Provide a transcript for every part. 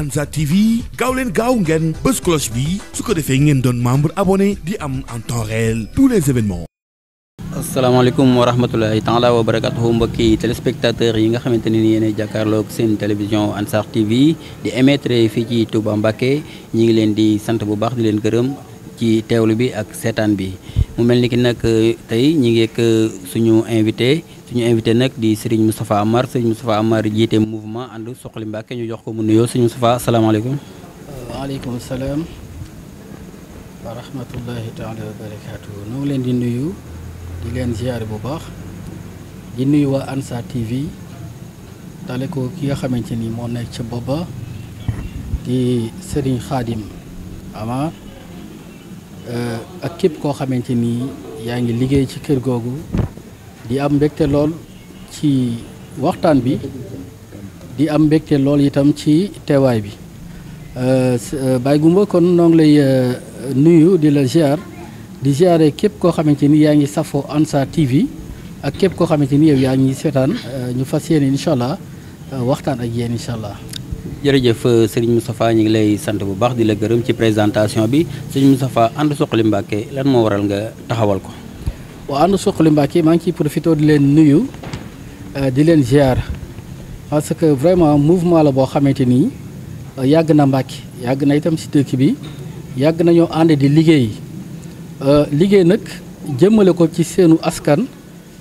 Ansar TV gaaw leen gaaw ngeen bés cloche su ko defee ngeen doon membre abonné di am en temps réel tous les événements. asalaamaaleykum wa rahmatulahi taala wa barakatuhu mbokki téléspectateurs yi nga xamante ne ni yéen a jàkkaarloog seen télévision Ansar TV di émettre fii ci Touba Mbacké ñi ngi leen di sant bu baax di leen gërëm ci teewlu bi ak seetaan bi mu mel ni ki nag tey ñi ngi suñu invité. suñu invité nag di sëriñ Moustapha Amar Serigne Moustapha Amar jiite mouvement ànd Suxali Mbàkke ñu jox ko mu nuyoo Serigne Moustapha asalaamaaleykum. waaleykum salaam. wa rahmatullahi taala wa barakaatu ñoo leen di nuyu di leen ziare bu baax di nuyu waa Ansar TV dale ki nga xamante nii moo nekk ca booba di Serigne Khadim Amar euh, ak képp koo xamante ni yaa ngi liggéey ci kër googu. di am mbégte lool ci waxtaan bi di am mbégte lool itam ci teewaay bi euh, euh, Baye Goumba kon noo ngi lay euh, nuyu di la ziar di ziare képp koo xamante ni yaa ngi safoo Ansar TV ak képp koo xamante ni yow yaa ngi seetaan ñu fas yéene incha allah waxtaan ak yéen incha allah. jërëjëf Serigne Moustapha ñu ngi lay sant bu baax di la gërëm ci présentation bi Serigne Moustapha ànd suqali Mbàkke lan moo waral nga taxawal ko. waa ànd suqali Mbacké maa ngi ciy profité di leen nuyu euh, di leen ziar parce que vraiment mouvement la boo xamante ni euh, yàgg na Mbacké yàgg na itam si dëkk bi yàgg nañoo ànd di liggéey euh, liggéey nag jëmmale ko ci seenu askan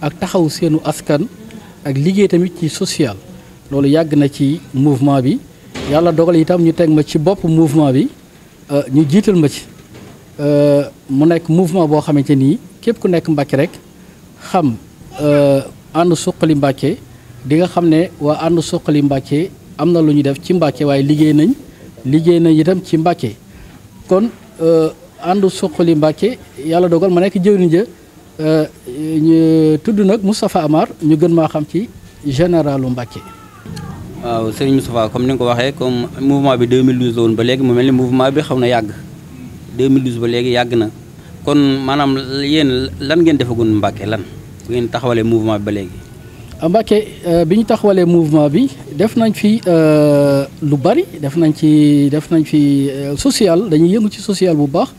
ak taxaw seenu askan ak liggéey tamit ci social loolu yàgg na ci mouvement bi yàlla dogal itam ñu teg ma ci bopp mouvement bi ñu jiital ma ci mu nekk mouvement boo xamante nii képp ku nekk Mbàkke rek xam euh, ànd suqali Mbàkke di nga xam ne waa ànd suqali Mbàkke am na lu ñu def ci Mbàkke waaye liggéey nañ liggéey nañ itam ci Mbàkke kon euh, ànd suqali Mbàkke yàlla dogal ma nekk jëwriñ ja euh, ñu tudd nag Moustapha Amar ñu gën maa xam ci généralu Mbàkke waaw sëriñ Moustapha comme ni nga ko waxee comme mouvement bi 2012 la woon ba léegi mu mel ni mouvement bi xaw na yàgg 2012 ba léegi yàgg na kon maanaam yéen lan ngeen defagun Mbacke lan bu ngeen taxawalee mouvement bi ba léegi. Ah, Mbacke euh, bi ñu taxawalee mouvement bi def nañ fi euh, lu bari def nañ ci def nañ fi euh, social dañuy yëngu ci sociale bu baax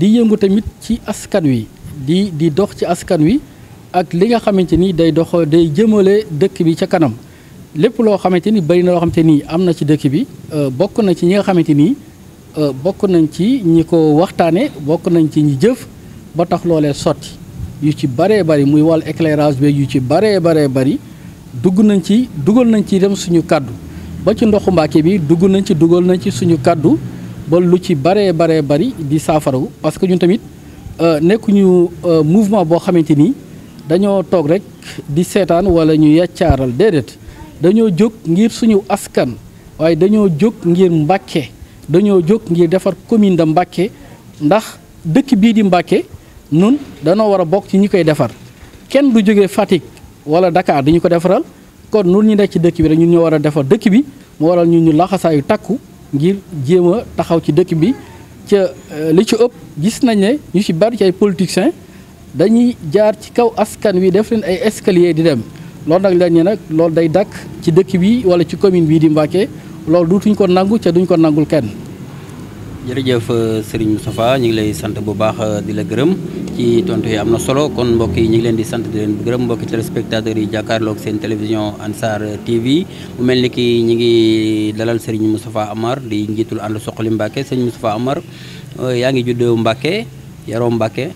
di yëngu tamit ci askan wi di di dox ci askan wi ak li nga xamante ni day dox day jëmale dëkk bi ca kanam lépp loo xamante ni bari na loo xamante ni am na ci dëkk bi bokk na ci ñi nga xamante nii Euh, bokk nañ ci ñi ko waxtaane bokk nañ ci ñi jëf ba tax loolee sotti yu ci baree bari muy wàll éclairage bi yu ci baree baree bari dugg nañ ci dugal nañ ci dem suñu kàddu ba ci ndoxu bi dugg nañ ci dugal nañ ci suñu kàddu ba lu ci baree baree bari di saafarawu parce que ñun tamit euh, nekkuñu euh, mouvement boo xamante ni dañoo toog rek di seetaan wala ñu yàccaaral déedéet dañoo jóg ngir suñu askan waaye dañoo jóg ngir Mbàkke dañoo jóg ngir defar commune de Mbacké ndax dëkk bii di Mbacké nun danoo war a bokk ci ñi koy defar kenn du jóge Fatick wala Dakar di ñu ko defaral kon nun ñu nekk ci dëkk bi rek ñun ñoo war a defar dëkk bi mu waral ñu ñu laxasaayu takku ngir jéem a taxaw ci dëkk bi ca euh, li ci ëpp gis nañ ne ñu ci bari ci ay politiciens dañuy jaar ci kaw askan wi def leen ay escalier di dem loolu nag lañ ne nag loolu day dakk ci dëkk bi wala ci commune bii di Mbacké loolu duutuñ ko nangu ca duñ ko nangul kenn. jërëjëf euh, Serigne Moustapha ñu ngi lay sant bu baax euh, di la gërëm ci tontu yi am na solo kon mbokk yi ñu ngi leen di sant di leen gërëm mbokki téléspectateurs yi jàkkaarloog seen télévision Ansar TV mu mel ni ki ñu ngi dalal Serigne Moustapha Amar di njiitul ànd Suxali Mbacke Serigne Moustapha Amar euh, yaa ngi juddoo Mbacke yaroo Mbacke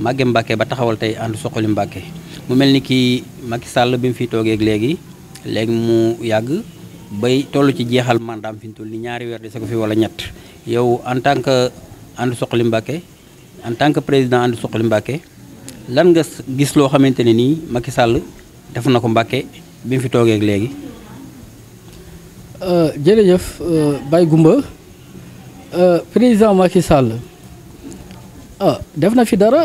màgge Mbacke ba taxawal tey ànd Suxali Mbacke mu mel ni ki Macky sàll bi mu fi toogeeg léegi léegi yàgg. bay tollu ci jeexal mandam fi ni ñaari weer sa ko fi wala ñett yow en tant que ànd soxli mbake en tant que président ànd soxli mbake lan nga gis lo xamanteni ni Macky Sall def na ko Mbàkke bi mu fi toogee euh jërëjëf euh, gumba euh président Macky Sall ah def na fi dara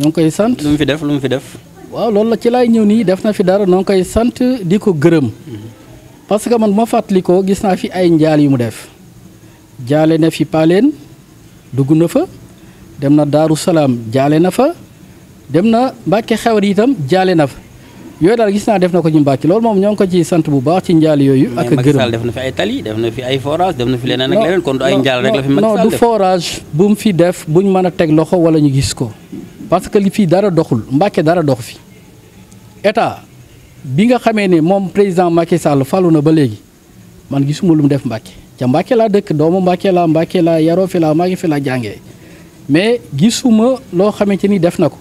ñong koy sante lu fi def lu fi def. waaw loolu la ci lay ñëw ni def na fi dara ñong koy di ko gërëm. Mm-hmm. parce que man bu ma fàttalikoo gis naa fi ay njaal yu mu def jaale na fi Paaleen dugg na fa dem na Daaru Salaam jaale na fa dem na Mbàkke xewar itam jaale na fa yooyu daal gis naa def na ko ñu Mbàkke loolu moom ñoo ngi ko ci sant bu baax ci njaal yooyu. ak gërëm mais na fi ay tali def na fi ay forage def na fi leneen ak leneen kon du ay njaal rek la forage bu mu fi def buñ mën a teg loxo wala ñu gis ko parce que li fii dara doxul Mbàkke dara dox fi état. bi nga xamee ne moom président Macky Sall falu na ba léegi man gisuma lu mu def Mbacke ca Mbacke laa dëkk doomu Mbacke laa Mbacke laa yaroo fi laa maa ngi fi laa jàngee mais gisuma loo xamante ni def na ko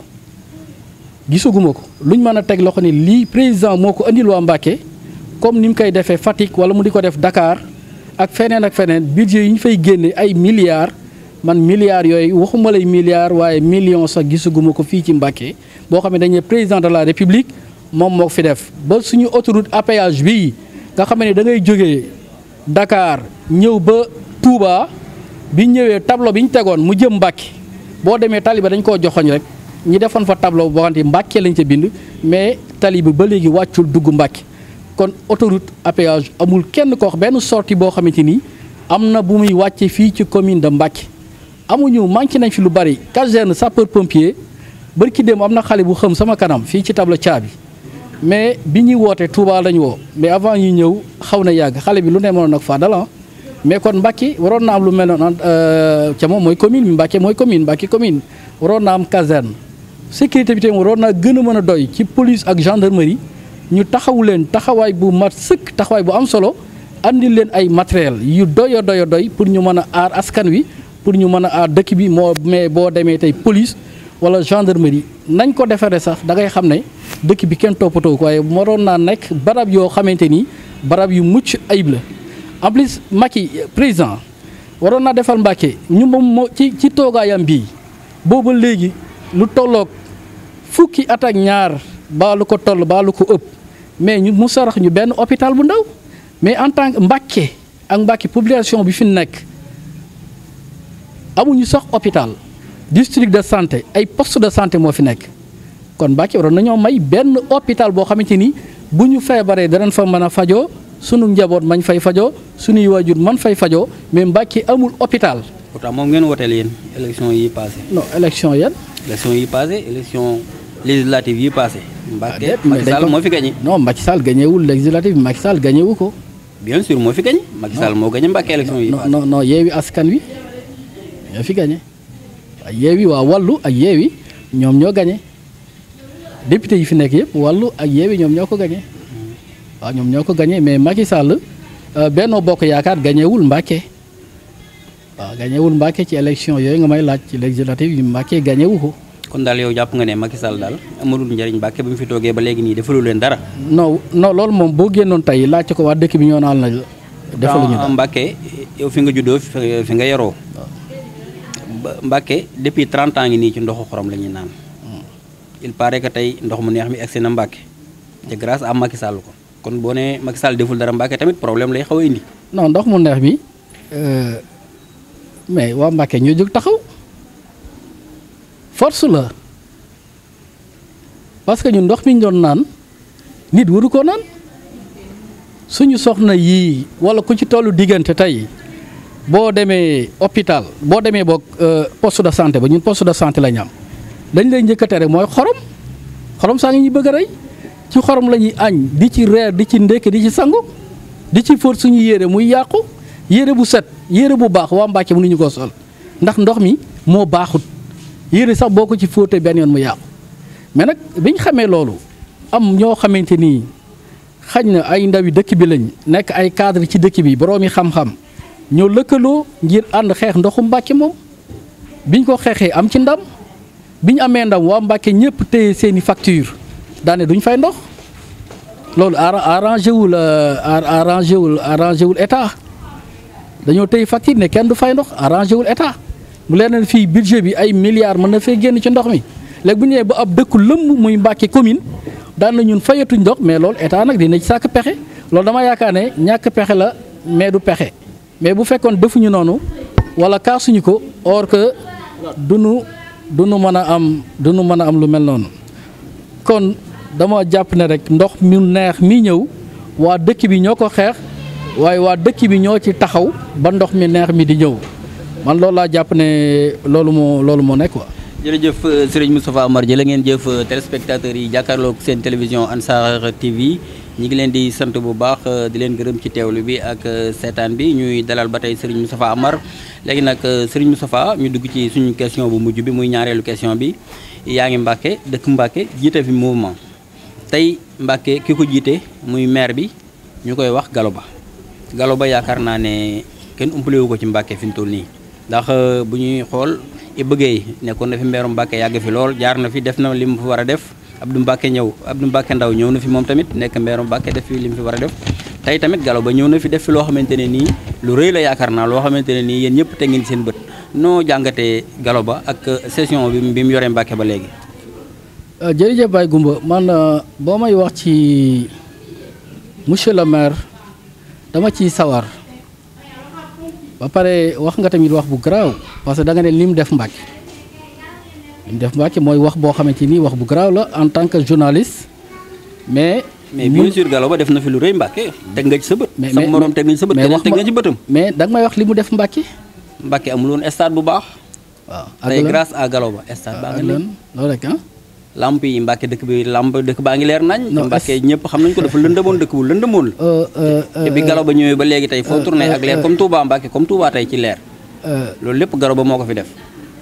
gisaguma ko lu ñu mën a teg loxo ni lii président moo ko andil waa Mbacke comme ni mu koy defee Fatick wala mu di ko def dakaar ak feneen ak feneen budget yi ñu fay génne ay milliards man milliards yooyu waxuma lay milliards waaye million sa gisaguma ko fii ci Mbacke boo xam ne dañu président de la République. moom moo fi def ba suñu autoroute à bii nga xam ne da ngay jógee Dakar ñëw ba Touba bi ñëwee tableau bi ñu tegoon mu jëm Mbàkke boo demee tali ba dañ koo joxoñ rek ñi defoon fa tableau boo xam ne Mbàkke lañ ca bind mais tali bi ba léegi wàccul dugg Mbàkke kon autoroute à amul kenn koo benn sorti boo xamante ni am na bu muy wàcce fii ci commune de Mbàkke amuñu manqué nañ fi lu bari caserne sapeur pompier barki dem am na xale bu xëm sama kanam fii ci table caabi mais bi ñuy wootee Touba lañu woo mais avant ñuy ñëw xaw na yàgg xale bi lu ne mënoon ak Fadal dalan ah. mais kon Mbacké waroon na am lu mel noonu ah, euh, ca moom mooy commune bi Mbacké mooy commune Mbacké commune waroon na am caserne sécurité bi tamit waroon naa gën a mën a doy ci police ak gendarmerie ñu taxawu leen taxawaay bu mat sëkk taxawaay bu am solo andi leen ay matériel yu doyo doyo doy pour ñu mën a aar askan wi pour ñu mën a aar dëkk bi moo mais boo demee tey police wala gendarmerie nañ ko defaree sax da ngay xam ne dëkk bi kenn toppatoo ko waaye naa nekk barab yoo ni barab yu mucc ayib la en plus Macky président waroon naa defal Mbàkke ñu moom ci lu fukki ñaar lu ko toll lu ko mais ñu mu ñu benn hôpital bu ndaw mais en tant que ak population bi fi hôpital district de santé ay poste de santé kon Mbàkke waroon nañoo may benn hôpital boo xamante ni bu ñu feebaree danañ fa mën a fajoo sunu njaboot mañ fay fajoo sunuy waajur man fay fajoo mais Mbàkke amul hôpital. pourtant moom ngeen woteel yéen élection yi passé non élection yan. yi passé élection législative yi passé. Mbàkke ah, Macky Sall moo fi gagné. non Macky Sall gagné wul législative Macky Sall gagné wu ko. bien moo fi gagné. Macky Sall moo gagné Mbàkke élection yi. non non non yeewi askan wi ñoo fi gagné. waaw yeewi waa wàllu ak yeewi ñoom ñoo gagné. député yi fi nekk yëpp wàllu ak yeewi ñoom ñoo ko gañee waaw ñoom ñoo ko gañee mais Macky Sall euh, Benno Bokk Yaakaar gañewul Mbàkke waaw gañewul Mbàkke ci élection yooyu nga may laaj ci législative yi Mbàkke gañewu ko kon daal yow jàpp nga ne Macky Sall daal amalul njariñ Mbàkke bi mu fi toogee ba léegi nii defalu leen dara non no loolu moom boo génnoon tey laajte ko waa dëkk bi ñoo naal na defaluñu ah, dara Mbàkke yow fi nga juddoo fi nga yaroo Mbàkke depuis 30 ans ngi nii ci ndoxu xorom la ñuy naan il paraît que tey ndox mu neex mi egsi na Mbàkke te grâce à Macky Sall ko kon boo nee Macky Sall deful dara Mbàkke tamit problème lay xaw a indi. non ndox mu neex mi euh, mais waa Mbàkke ñoo jóg taxaw force la parce que ñun ndox mi ñu doon naan nit waru ko naan suñu soxna yii walla ku ci tollu diggante tey. boo demee hôpital boo demee boog euh, poste de santé ba ñu poste de santé la ñu dañ lay njëkk a tere mooy xorom xorom saa ngi ñu bëgg a rey ci xorom la ñuy añ di ci reer di ci ndékk di ci sangu di ci fóot suñu yére muy yàqu yére bu set yére bu baax waa Mbàkke mënuñu koo sol ndax ndox mi moo baaxut yére sax boo ko ci fóotee benn yoon mu yàqu mais nag biñ xamee loolu am ñoo xamante nii xañ na ay ndawi dëkk bi lañ nekk ay cadre ci dëkk bi boroomi xam-xam ñoo lëkkaloo ngir ànd xeex ndoxu Mbàkke moom biñ ko xeexee am ci ndam biñ amé ndam wa Mbàkke ñepp téye séni facture daane duñ fay ndox lool arrangé wul euh, arrangé wul arrangé wul état dañu téye facture né kenn du fay ndox arrangé wul état mu lénen fi budget bi ay milliards mëna fay fee génn ci ndox mi léegi bu ñëw bu ba ab dëkku lëmb muy Mbàkke commune daan na ñun fayatuñ ndox mais lool état nak dina ci sak pexé lool dama yaakaar ne pexé la mais du pexé mais bu fekkoon defuñu nonu wala kaasuñu ko or que duñu du nu mën a am du nu mën a am lu mel noonu kon dama jàpp ne rek ndox mu neex mi ñëw waa dëkk bi ñoo ko xeex waaye waa dëkk bi ñoo ci taxaw ba ndox mi neex mi di ñëw man loolu laa jàpp ne loolu moo loolu moo nekk quoi. jërëjëf euh, Serigne Moustapha Amar jërë ngeen jëf euh, téléspectateurs yi jàkkaarlook seen télévision Ansar TV. ñi ngi leen di sant bu baax euh, di leen gërëm ci teewlu bi ak euh, seetaan bi ñuy dalal ba tey Serigne Moustapha Amar léegi nag euh, Serigne Moustapha ñu dugg ci suñu question bu mujj bi muy ñaareelu question bi yaa ngi Mbàkke dëkk Mbàkke jiite fi mouvement tey Mbàkke ki ko jiite muy maire bi ñu koy wax galo Ba galo Ba yaakaar naa ne kenn umpalewu ko ci Mbàkke fi mu toll nii ndax bu ñuy xool i bëggee nekkoon na fi mbeeru Mbàkke yàgg fi lool jaar na fi def na li mu war a def abdou mbake ñew abdou mbake ndaw ñew na fi mom tamit nek mbeerum mbake def fi lim fi wara def tay tamit galo ba ñew na fi def fi lo xamantene ni lu reuy la yakarna lo xamantene ni yeen ñepp te seen beut no jangate galo ba ak session bi bi mu yoré mbake ba légui euh, jërëjëf bay gumba man euh, bo may wax ci monsieur le maire dama ci sawar ba paré wax nga tamit wax bu graw parce que da nga ne lim def mbake Def Mbacke mooy wax boo xamante ni wax bu garaaw la en tant que journaliste mais. mais bien sûr Ba def na fi lu rëy Mbacke teg nga ci sa bët. sa morom teg nga ci sa nga ci mais may wax def Mbacke. Mbacke amul woon stade bu baax. waaw ak grâce à Gallo Ba stade baa nga léegi loolu rek ah. lamp yi Mbacke dëkk bi lamp dëkk baa ngi leer nañ. Mbacke ñëpp xam nañ ko dafa lëndëmoon dëkk bu bi euh, euh, euh, Ba ba tourné ak leer comme Touba Mbacke comme Touba ci leer. Ba fi def.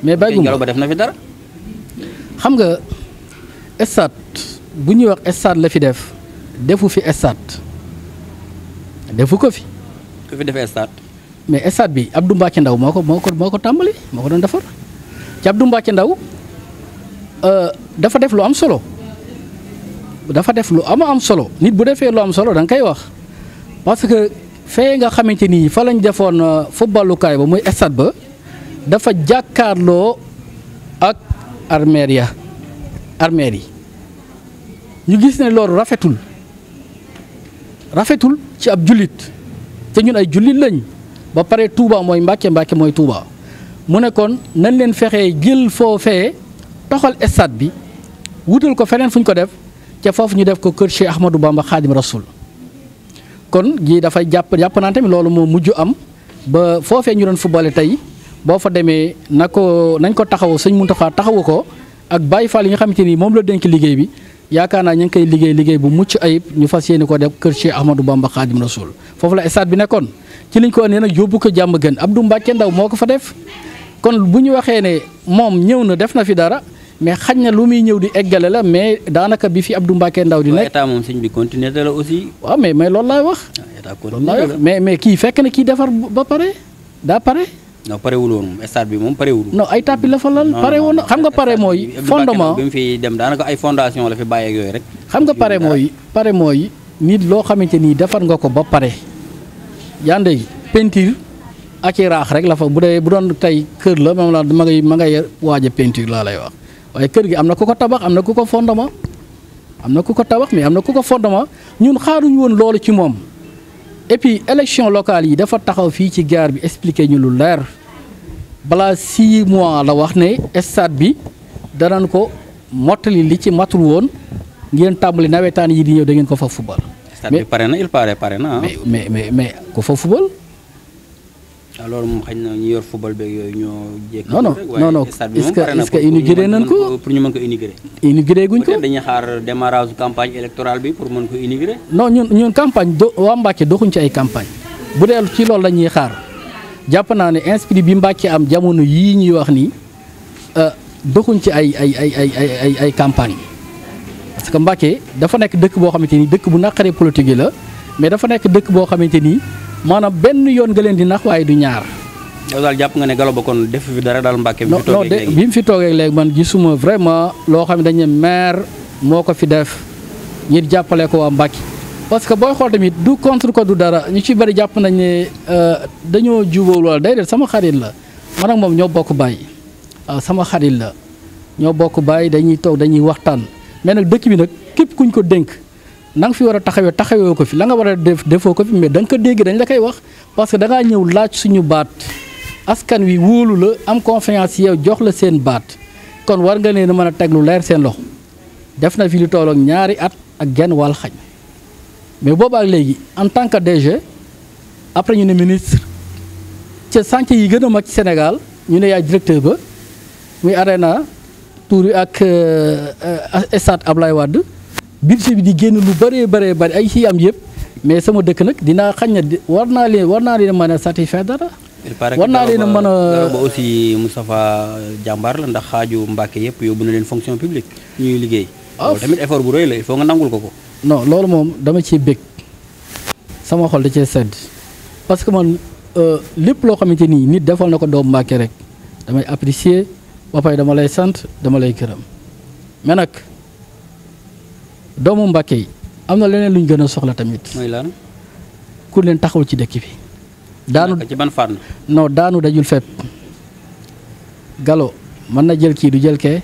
mais Baye Goumba Gallo Ba def na fi dara xam nga stade bu ñuy wax stade la fi def defu fi stade defu ko fi. ku defee stade. mais stade bi ab Abdou Mbacké Ndaw moo ko moo ko moo ko tàmbali moo ko doon defar ci Abdou Mbacké Ndaw euh, dafa def lu am solo dafa def lu ama am solo nit bu defee lu am solo danga nga koy wax parce que fee nga xamante ni fa lañ defoon euh, footballukaay ba muy stade ba dafa jàkkaarloo. armeer ya armeer yi ñu gis ne loolu rafetul rafetul ci ab jullit te ñun ay jullit lañ ba pare Touba mooy Mbàkke Mbàkke mooy Touba mu ne kon nañ leen fexee jël foofee toxal stade bi wutal ko feneen fu ñu ko def ca foofu ñu def ko kër Cheikh Ahmadou Bamba Xaadim Rasul kon jii dafay jàpp jàpp naa loolu moo mujj am ba foofee ñu doon footballé tey boo fa demee na ko nañ ko taxaw sëñ Mountakha taxawu ko ak Baye fa yi nga xamante ni moom la denk liggéey bi yaakaar naa ñu ngi koy liggéey liggéey bu mucc ayib ñu fas yéene ko def kër Cheikh Ahmadou Bamba na Rasoul foofu la stade bi nekkoon ci liñ ko wane nag yóbbu ko jàmm gën Abdou Mbacke Ndaw moo ko fa def kon bu ñu waxee ne moom ñëw na def na fi dara mais xaj na lu muy ñëw di eggale la mais daanaka bi fi Abdou Mbacke Ndaw di nekk état sëñ bi continuer la aussi. waaw mais mais loolu laay wax. Ah, loolu laay mais mais kii fekk na kii defar ba pare daa pare. non parewul woon moom bi moom parewul. non ay tapis la fa lal pare woon na xam nga pare mooy. fondement bi fi dem daanaka ay fondation la fi bàyyeeg yooyu rek. xam nga pare mooy pare mooy nit loo xamante ni defar nga ko ba pare yaa ndey peinture ak i raax rek la fa bu dee bu doon tey kër la moom la ma ngay ma ngay waaj a laa lay wax waaye kër gi am na ku ko tabax am na ku ko fondement am na ku ko tabax mais am na ku ko fondement ñun xaaruñu woon loolu ci moom. et puis élection locale yi dafa taxaw fii ci gaar bi expliquer ñu lu leer balaa six mois la wax ne stade bi danañ ko mottali li ci matul woon ngeen tàmbali nawetaan yi di ñëw da ngeen ko fa fubal. stade bi pare na il paraît pare na ah. mais mais mais ko fa fubal. Ah, loolu moom xëy na ñu yor football beeg yooyu ñoo jékki non non non non est-ce que est-ce que inauguré nañ ko pour ñu mën ko inauguré inauguré guñ ko dañuy pour mën ko inauguré non ñun ñun campagne do waa Mbàkke doxuñ ci ay campagne bu dee ci lool la ñuy xaar jàpp naa ne insprit bi Mbàkke am jamono yii ñuy wax nii euh, doxuñ ci ay ay ay ay ay ay ay campagne parce que Mbàkke dafa nekk dëkk boo xamante ni dëkk bu naqaree politique la mais dafa nekk dëkk boo xamante ni maanaam benn yoon nga leen di nax waaye du ñaar. yow daal jàpp nga ne Gallo Ba kon def fi dara daal Mbàkke bi. non de bi mu fi toogee léegi man gisuma vraiment loo xam ne dañu maire moo ko fi def ngir jàppale ko waa Mbàkke. parce que booy xool tamit du contre ko du dara ñu ci bëri jàpp nañ ne euh, dañoo jubóo lool day de sama xarit la man ak moom ñoo bokk bàyyi waaw ah, sama xarit la ñoo bokk bàyyi dañuy toog dañuy waxtaan mais nag dëkk bi nag képp kuñ ko dénk. na fi war a taxawee taxawee ko fi la nga war a def defoo ko fi mais da nga ko dégg dañ la koy wax parce que da ngaa ñëw laaj suñu baat askan wi wóolu la am confiance yow jox la seen baat kon war nga leen a mën a teg lu leer seen loxo def na fi lu toll ak ñaari at ak genn wàll xañ mais boobaak léegi en tant que DG après ñu ne ministre ca chantier yi gën a mag ci Sénégal ñu ne yaay directeur ba muy Arena yi ak euh, euh, stade lay Wade. budget bi di génn lu bëree bëree bëri ay ci am yëpp mais sama dëkk nag dinaa xañ na war naa leen war naa leen mën a satisfaire dara. war naa leen a mën a ba aussi Moustapha jàmbaar la ndax xaaju Mbàkke yëpp yóbbu na leen fonction publique ñuy liggéey. Ah, loolu tamit effort bu rëy la il faut nga nangul ko ko. no loolu moom dama ciy bég sama xol da cee sedd parce que man euh, lépp loo xamante ni nit defal na ko doomu Mbàkke rek damay apprécier ba pare dama lay sant dama lay gërëm mais doomu Mbàkke yi am na leneen luñ ñu gën a soxla tamit. mooy lan. ku leen taxaw ci dëkk bi. daanu ci ban fànn. non daanu dajul fépp. galo mën na jël kii du jël ke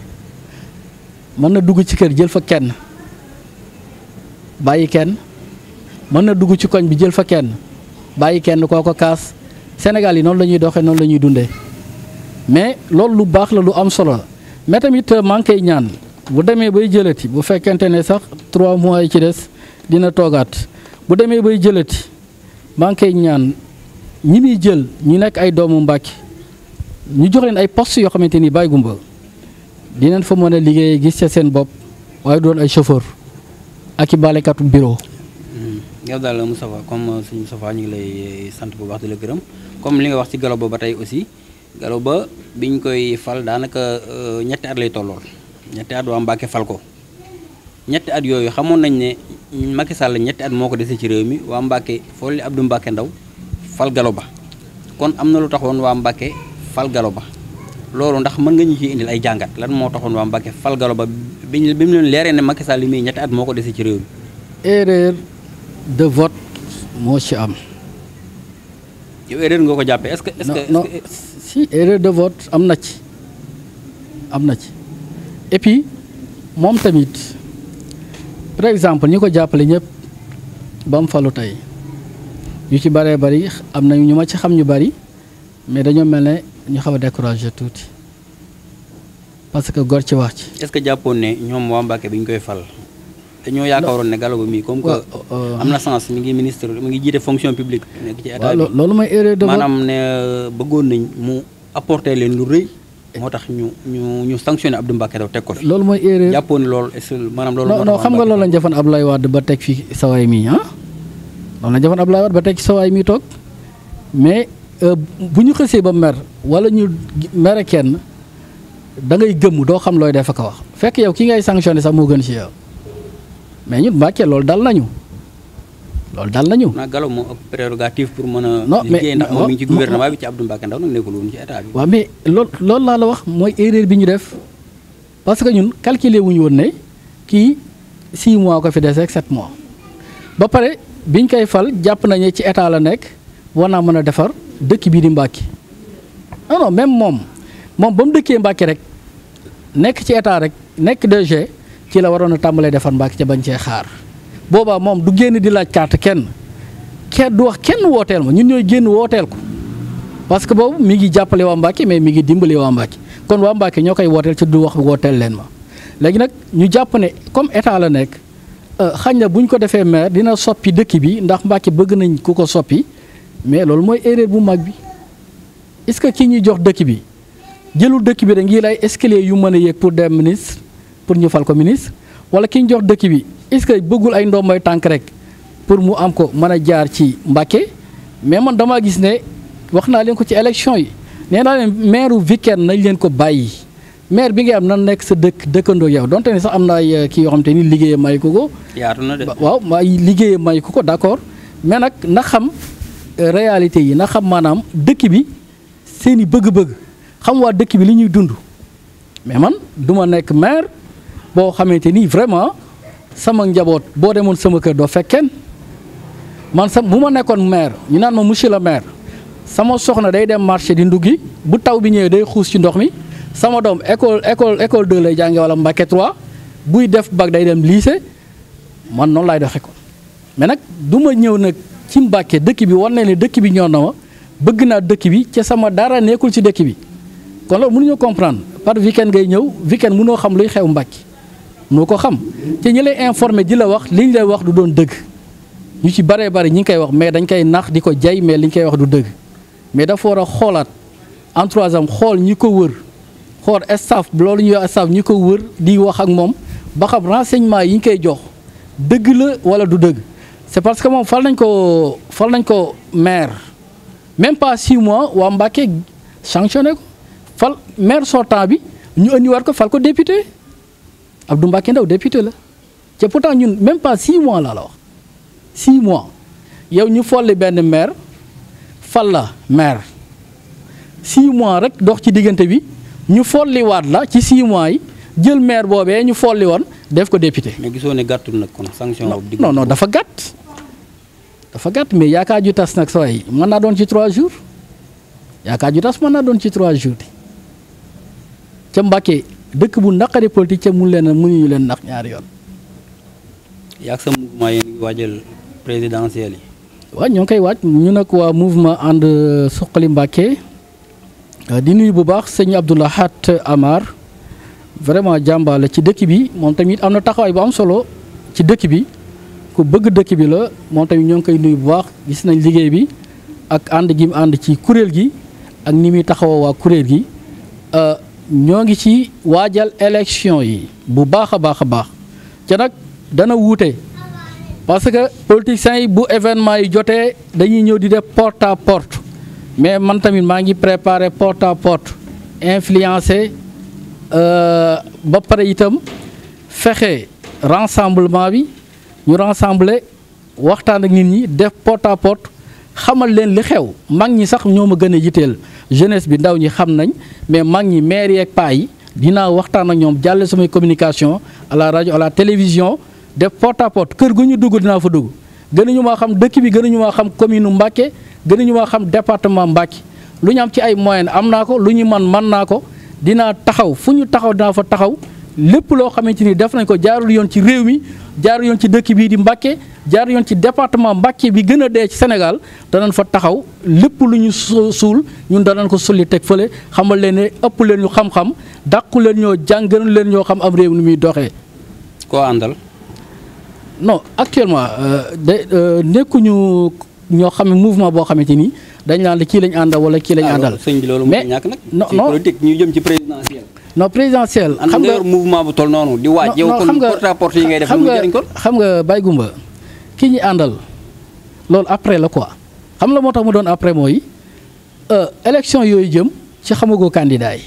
mën na dugg ci kër jël fa kenn bàyyi kenn mën na dugg ci koñ bi jël fa kenn bàyyi kenn kooko kaas Sénégal yi noonu la ñuy doxee noonu la ñuy dundee mais loolu lu baax la lu am solo la mais tamit maa ngi koy ñaan. bu demee bay jëlati bu fekkente ne sax trois mois yi ci des dina toogaat bu demee bay jëlati maa ngi koy ñaan ñi muy jël ñu nekk ay doomu Mbàkke ñu jox leen ay poste yoo xamante ni bàyyi gumba dinañ fa mën a liggéeye gis ca seen bopp waaye doon ay chauffeur ak i baalekatu bureau. Mm. yow daal Moustapha comme suñu Moustapha ñu ngi lay sant bu baax di la gërëm comme li nga wax ci Gallo Ba ba tey aussi Gallo Ba biñ koy fal daanaka euh, ñetti at lay tollool. ñetti at waa Mbàkke fal ko ñetti at yooyu xamoon nañ ne Macky Sall ñetti at moo ko dese ci réew mi waa Mbàkke folli Abdou Mbàkke Ndaw fal galo Ba kon am na lu taxoon waa Mbàkke fal galo Ba loolu ndax mën nga ñu ci indil ay jàngat lan moo taxoon waa fal Gallo Ba bi bi mu leen leeree ne Macky Sall li muy ñetti at moo ko dese ci réew mi. erreur de vote moo ci am. yow erreur nga ko jàppee est-ce que. est si erreur de vote am na ci am na ci. et puis moom tamit par exemple ñi ko jàppale ñëpp ba mu falu tey yu ci bëree bëri am na ñu ma ci xam ñu bëri mais dañoo mel ne ñu xaw a découragé tuuti parce que gor ci wax ci. est-ce que jàppoon ne ñoom waa Mbacke bi ñu koy fal. dañoo yaakaaroon ne Gallo Ba mii comme que euh, euh, am na sens mi ngi ministre mi ngi jiite fonction publique. nekk ci état loolu mooy erreur de maanaam ne euh, bëggoon nañ mu apporter leen lu rëy. moo tax ñu ñu ñu sanctionné Abdou Mbacké Ndaw teg ko fi loolu mooy erreur jàppoon loolu est ce maanaam loolu non non xam nga loolu lañ defoon Abdoulaye Wade ba teg fi sawaay mi ah loolu lañ defoon Abdoulaye Wade ba teg fi sawaay mi toog mais euh, bu ñu xësee ba mer wala ñu mere kenn da ngay gëmm doo xam looy def ak wax fekk yow ki ngay sanctionné sax moo gën ci yow mais ñun Mbacké loolu dal nañu loolu daal nañu naa Gallo moo ak prérogative pour mën a non mais ndax moom mi ngi ci gouvernement bi ci Abdou Mbacké Ndaw nag nekkul woon ci état bi waaw mais loolu loolu laa la wax mooy erreur bi ñu def parce que ñun calculer wuñu woon ne kii 6 mois ko fi des ak 7 mois ba pare biñ koy fal jàpp nañu ci état la nekk war naa mën a defar dëkk bii di Mbacké non non même moom moom ba mu dëkkee Mbacké rek nekk ci état rek nekk DG ci la waroon a tàmbalee defar Mbacké ca bañ cee xaar boobaa moom du génn di laaj carte kenn kenn du wax kenn wooteel ma ñun ñooy génn wooteel ko parce que boobu mi ngi jàppale waa Mbacke mais mi ngi dimbali waa Mbacke kon waa Mbacke ñoo koy wooteel ci du wax wooteel leen ma. léegi nag ñu jàpp ne comme état la nekk euh, xañ na bu ñu ko defee maire dina soppi dëkk bi ndax Mbacke bëgg nañ ku ko soppi mais loolu mooy erreur bu mag bi est-ce que kii ñuy jox dëkk bi jëlu dëkk bi da ngi lay escalier yu mën a yéeg pour dem ministre pour ñu ko ministre wala ki jox dëkk bi. est-ce que bëggul ay ndombay tànk rek pour mu am ko mën a jaar ci Mbàkke mais man damaa gis ne wax naa leen ko ci élection yi nee naa leen maire week nañ leen ko bàyyi maire bi nga am na nekk sa dëkk dëkkandoo yow donte ne sax am naa ki euh, kii yoo ni liggéeyam may ko ko. yaatu na de waaw liggéeyam may ko ko d'accord mais nag na xam euh, réalité yi na xam maanaam dëkk bi seen i bëgg-bëgg xam waa dëkk bi li ñuy dund mais man du nekk maire boo xamante ni vraiment. sama njaboot boo demoon sama kër doo fekkeen man sa bu ma nekkoon maire ñu naan ma monsieur le maire sama soxna day dem marché di nduggi bu taw bi ñëwee day xuus ci ndox mi sama doom école école école 2 lay jànge wala Mbacké 3 buy def bac day dem lycée man noonu laay doxee ko mais nag du ma ñëw nag ci Mbacké dëkk bi war na ne dëkk bi ñor na ma bëgg naa dëkk bi ca sama dara nekkul ci dëkk bi kon loolu mënuñu comprendre par weekend ngay ñëw weekend munoo xam luy xew Mbacké noo ko xam te ñi lay informé di la wax li liñ lay wax du doon dëgg ñu ci baree bari ñi ngi koy wax mais dañ koy nax di ko jay mais liñ koy wax du dëgg mais dafa war a xoolaat entourage am xool ñi ko wër xool staff loolu ñuy wax staff ñi ko wër di wax ak moom ba xam renseignement yi ñu koy jox dëgg la wala du dëgg c'est parce que moom fal nañ ko fal nañ ko maire même pas six mois waa Mbacké sanctionné ko fal maire sortant bi ñu indiwaat ko fal ko Abdou n'est Ndaw député pourtant même pas six mois là alors, six mois une ñu folli maire maire six mois rek dox ci diggante bi ñu folli waat la ci six mois yi jël maire bobé ñu folli won def ko député. mais gisoo ne nak kon sanction. non non dafa gatt dafa mais ju jours jours dëkk bu naqari politique ca mun leen mënuñu leen nax ñaari yoon. yaag sa mouvement yéen ngi waajal présidentiel yi. ñoo ngi koy waaj ñu nag waa mouvement ànd euh, suqali Mbàkke euh, di nuyu bu baax sëñ Abdoulaye Hat Amar vraiment jàmbaar ci dëkk bi moom tamit am na taxawaay bu am solo ci dëkk bi ku bëgg dëkk bi la moom tamit ñoo ngi koy nuyu bu baax gis nañ liggéey bi ak ànd gi mu ànd ci kuréel gi ak ni muy taxawoo waa kuréel gi. Euh, ñoo ngi ci waajal élection yi bu baax a baax a baax ca nag dana wuute parce que politiciens yi bu événement yi jotee dañuy ñëw di def porte à porte mais man tamit maa ngi préparer porte à porte influencer euh, ba pare itam fexe rassemblement bi ñu rassembler waxtaan ak nit ñi def porte à porte xamal leen li xew mag ñi sax ñoo ma gën a yitteel. jeunesse bi ndaw ñi xam nañ mais mag ñi maire yeeg paa yi dinaa waxtaan ak ñoom jàlle samay communication à la rajo à la télévision def porte à kër gu ñu dugg dinaa fa dugg gënuñu maa xam dëkk bi gënuñu maa xam commune Mbacké gënuñu maa xam département Mbacké lu ñu am ci ay moyens am naa ko lu ñu man man naa ko dinaa taxaw fu ñu taxaw dinaa fa taxaw lépp loo xamante ni def nañ ko jaarul yoon ci réew mi jaarul yoon ci dëkk bii di Mbacké jaar yoon ci département Mbacké bi gën a dee ci Sénégal danañ fa taxaw lépp lu ñu suul ñun danañ ko sulli teg fële xamal leen ne ëpp leen ñu xam-xam dàqu leen ñoo jàng leen ñoo xam am réew ni muy doxee. koo àndal. non actuellement euh, de euh, nekkuñu ñoo xam ne mouvement boo xamante ni dañ naan la kii lañ àndal wala kii lañ ah, àndal. sëñ bi loolu mais ñàkk nag. non non ci politique ñu jëm ci présidentiel. non présidentiel. xam nga mouvement bu toll noonu. di waaj yow kon porte à porte yi ngay def. xam nga xam nga Baye ki ñi andal lool après la quoi xam la motax mu doon après moy euh élection yoy jëm ci xamugo candidat yi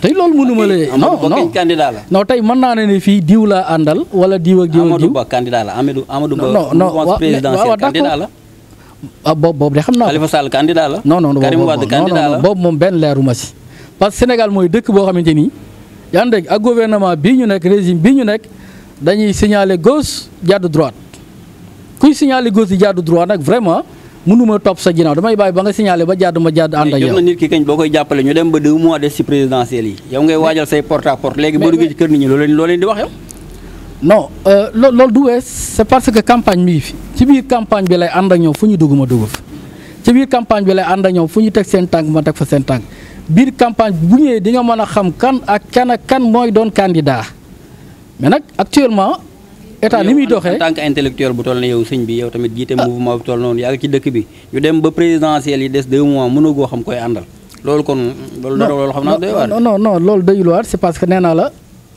tay lool loolu mënuma la non non candidat la non tay man na ne ne fii diw laa àndal wala diiw ak diiw ak diw Amadou Ba candidat la Amadou Amadou Ba non non waaw waaw candidat la ah bob bob de xamna naa Khalifa Sall candidat la non non Karim wad candidat la boobu moom benn leeruma ci parce que Sénégal moy dëkk bo xamanteni yandek ak gouvernement bi ñu nek régime bi ñu nek dañuy signaler gos jàddu droite kuy signaler gauche yi jàddu droite nag vraiment mënuma topp sa ginnaaw damay bàyyi ba nga signaler ba jàddu ma jàddu ànd ak yow na nit ki kañ boo koy jàppale ñu dem ba deux mois des ci présidentielles yi yow ngay waajal say porte à porte léegi boo duggee ci kër nit ñi loolu leen di wax yow non euh, lool loolu du wees c'est parce que campagne mii fi ci biir campagne bi lay ànd ak ñoom fu ñu dugg ma dugg fa ci biir campagne bi lay ànd ak ñoom fu ñu teg seen tànk teg fa seen biir campagne bu ñëwee di nga mën a xam kan ak kan kan mooy doon candidat mais nag actuellement état ni muy doxee en tant intellectuel bu toll na yow sëñ bi yow tamit jiite mouvement bu toll noonu yaa ngi ci dëkk bi ñu dem ba présidentiel yi des deux mois mënagoo xam koy àndal loolu kon. loolu loolu xam naa doy waar. non non non loolu c'est parce que nee naa la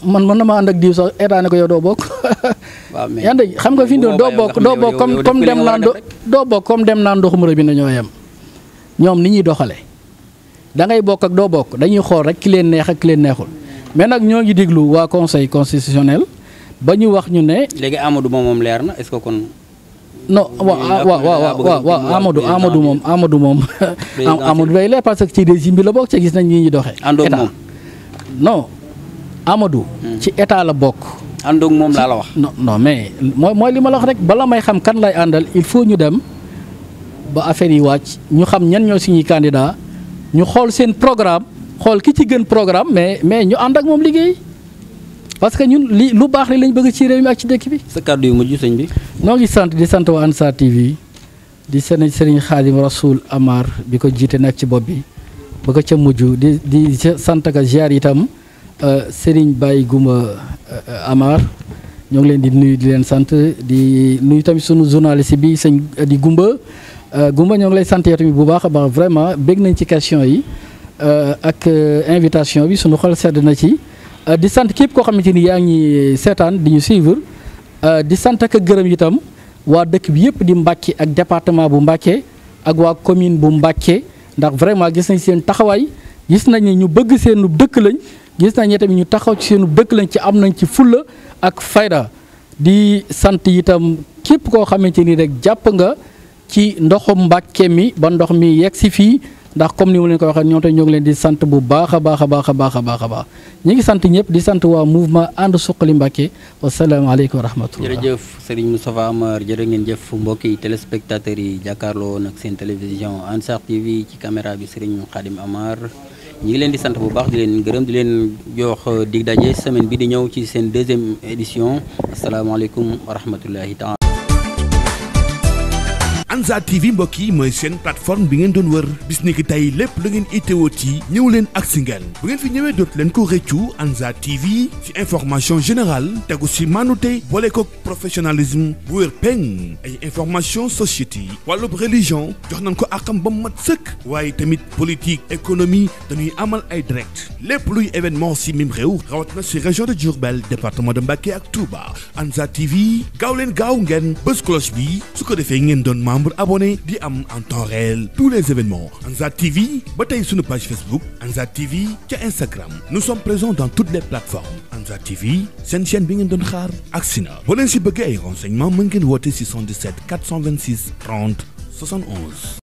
man mën na ma ànd ak diw sax ne ko yow doo bokk. mais yaa ngi xam nga fi ñu doon doo bokk doo bokk comme comme dem naan doo bokk comme dem naan ndoxum rëb bi na ñoo yem ñoom ni ñuy doxalee da ngay bokk ak doo bokk dañuy xool rek ki leen neex ak ki leen neexul mais nak ñoo ngi diglu wa conseil constitutionnel ba ñu wax ñu ne. légui Amadou mom mom leer na est ce que wa wa wa wa wa wa Amadou Amadou mom Amadou mom Amadou bay leer parce que ci des imbi la bok. ci gis nañ ñi ñi doxé àndoog mom non Amadou. Hmm. ci état la bok àndoog mom la la wax. non non mais moy moy lima la wax rek bala may xam kan lay andal il faut ñu dem ba affaire yi wacc ñu xam ñan ñoo signé candidat ñu xol sen programme. xool ki ci gën programme mais mais ñu ànd ak moom liggéey parce que ñun li lu baax li lañ bëgg ci réew mi ak ci dëkk bi. sa kàddu yu mujj sëñ bi. noo ngi sant di sant waa Ansar TV di sëñ Serigne Khadim Rasoul Amar bi ko jiitee nekk ci bopp bi ba ko ca mujj di di sant ak ziar itam euh, Serigne bàyyi Goumba euh, Amar ñoo ngi leen di nuyu di leen sant di nuy tamit sunu journaliste bi sëñ di gumba euh, Goumba ñoo ngi lay sant yow bi bu baax a baax vraiment bég nañ ci question yi. Euh, ak euh, invitation bi sunu xol sedd na ci euh, di sant képp koo xamante ni yaa ngi seetaan di ñu suivre di sant ak gërëm itam waa dëkk bi yëpp di Mbàkke ak département bu Mbàkke ak waa commune bu Mbàkke ndax vraiment gis nañ seen taxawaay gis nañ ñu bëgg seenu dëkk lañ gis nañ ne tamit ñu taxaw ci seenu bëkk lañ ci am nañ ci fulla ak fayda di sant itam képp koo xamante ni rek jàpp nga ci ndoxum Mbàkke mi ba ndox mi yegg si fii ndax comme ni ma leen ko waxee ñoom tey ñoo leen di sant bu baax a baax a baax a baax a baax ngi sant ñëpp di sant waa mouvement ànd suqali Mbàkke wasalaamaaleykum wa rahmatullah jërëjëf Serigne Moustapha Amar jërë ngeen jëf mbokki téléspectateurs yi jàkkaarloo nag seen télévision Ansar TV ci caméra bi Serigne Khadim Amar ñu ngi leen di sant bu baax di leen gërëm di leen jox dig daje semaine bi di ñëw ci seen deuxième édition asalaamaaleykum wa rahmatullahi taala Anza TV mbokk yi mooy seen plateforme bi ngeen doon wër bis ni ki tey lépp la ngeen itteewoo ci ñëw leen ak si bu ngeen fi ñëwee dootu leen ko rëccu Anza TV ci information générale tegu si maanute boole ko professionnalisme bu wér peng ay information société wàllub religion jox nañ ko akam ba mat sëkk waaye tamit politique économie dañuy amal ay direct lépp luy événement si mim réew rawat na si région de Diourbel département de Mbacké ak Touba Anza TV gaaw leen gaaw ngeen cloche bi su ko defee ngeen doon maam Abonné, abonnés di am en temps réel tous les événements Anza TV bottez sur nos page Facebook Anza TV sur Instagram nous sommes présents dans toutes les plateformes Anza TV une chaîne bi ngeen doon xaar ak sina boo renseignements mën ngeen 426 30 71